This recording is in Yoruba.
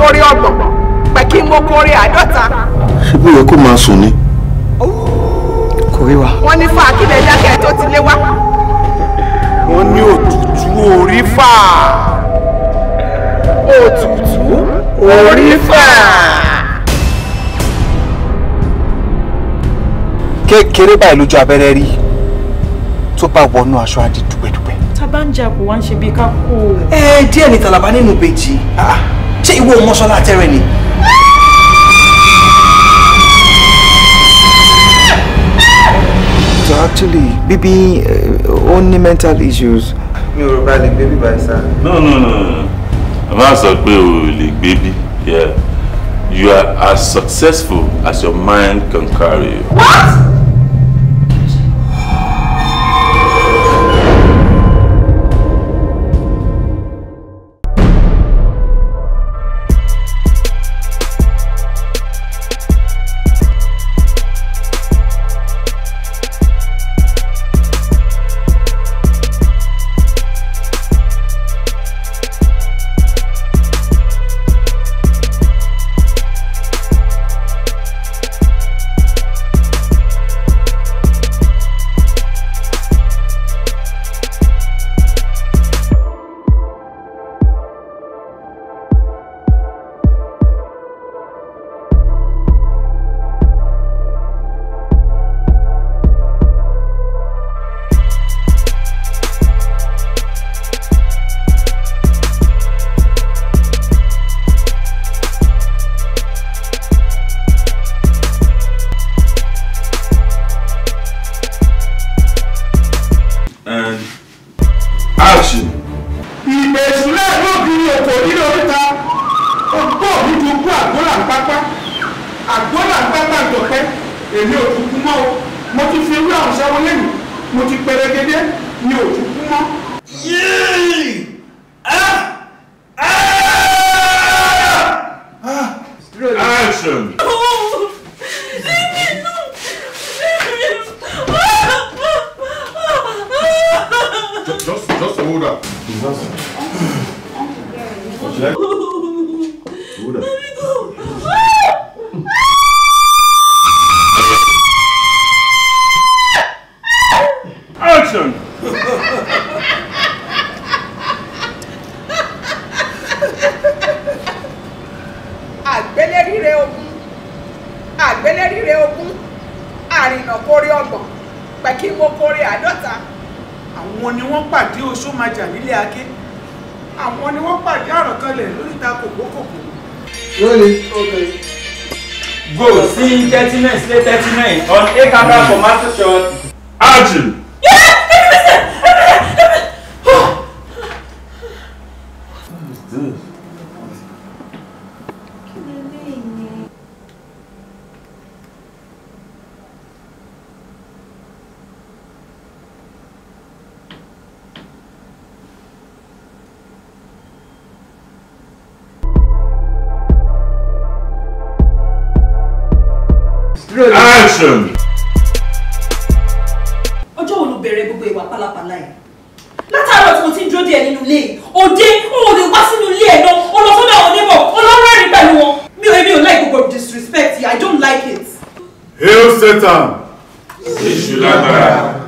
kórè ọgbọ̀n pé kí mo kórè àádọ́ta. ṣé bí yẹ kó máa sùn ni. kò rí wa. wọ́n ní fa akílẹ̀ dákẹ́ tó ti lé wa. wọ́n ní òtútù orí fà. òtútù orí fà. kékeré báyìí lójú abẹ́rẹ́ rí tó bá wọnú aṣọ àdìdúgbẹ́dúgbẹ́. tá a bá ń jà kó wá ń ṣe bí ká kó o. ẹ díẹ̀ ni tàlàbà nínú bèjì. Ah, ah ṣé ìwọ mọ́ṣọ́lá tẹ́rẹ̀ ni. so actually bíbí ó ní mental issues. mi ò rò bá lè gbé báyìí sá. no no no bàbá sọ pé o lè gbé bí you are as successful as your mind can carry you. what. àṣì. ìgbésù náà yóò bí òkò nínú oríta ọgbọ́ mi ti kú àgbọ́là ń pápá àgbọ́là ń pápá ìjọpẹ́ èmi ò tún kú mọ́ o mo ti fi ewé àwọn ṣẹ́wọ́ lẹ́yìn mo ti pẹrẹgẹdẹ mi ò tún kú mọ́. Ah! Ah! action. hold up. Hold up. Let me go. Action! àgbélérire ogun àgbélérire ogun àrìnà kórè ọgbọ̀n pẹ̀kí mo kórè àádọ́ta àwọn ni wọ́n pàdé Oṣómajà nílé Aké àwọn ni wọ́n pàdé Àrànkanlẹ̀ lóríta kòkókòkò. lórí ọkẹ. go see thirty nine slay thirty nine on akaba for master shot. arjun. action. ọjọ́ wo ló bẹ̀rẹ̀ gbogbo ìwà pálapàla yìí látàárọ̀ tí mo ti ń dúró díẹ̀ nínú ilé yìí òde òun ò lè wá sínú ilé ẹ̀ náà olùsọ́dọ̀ àwọn onímọ̀ ọlọ́rẹ́rìn pẹ̀lú wọn mi ò èmi ò like gbogbo disrespect I don't like it. hail Satan! èṣù lágbára.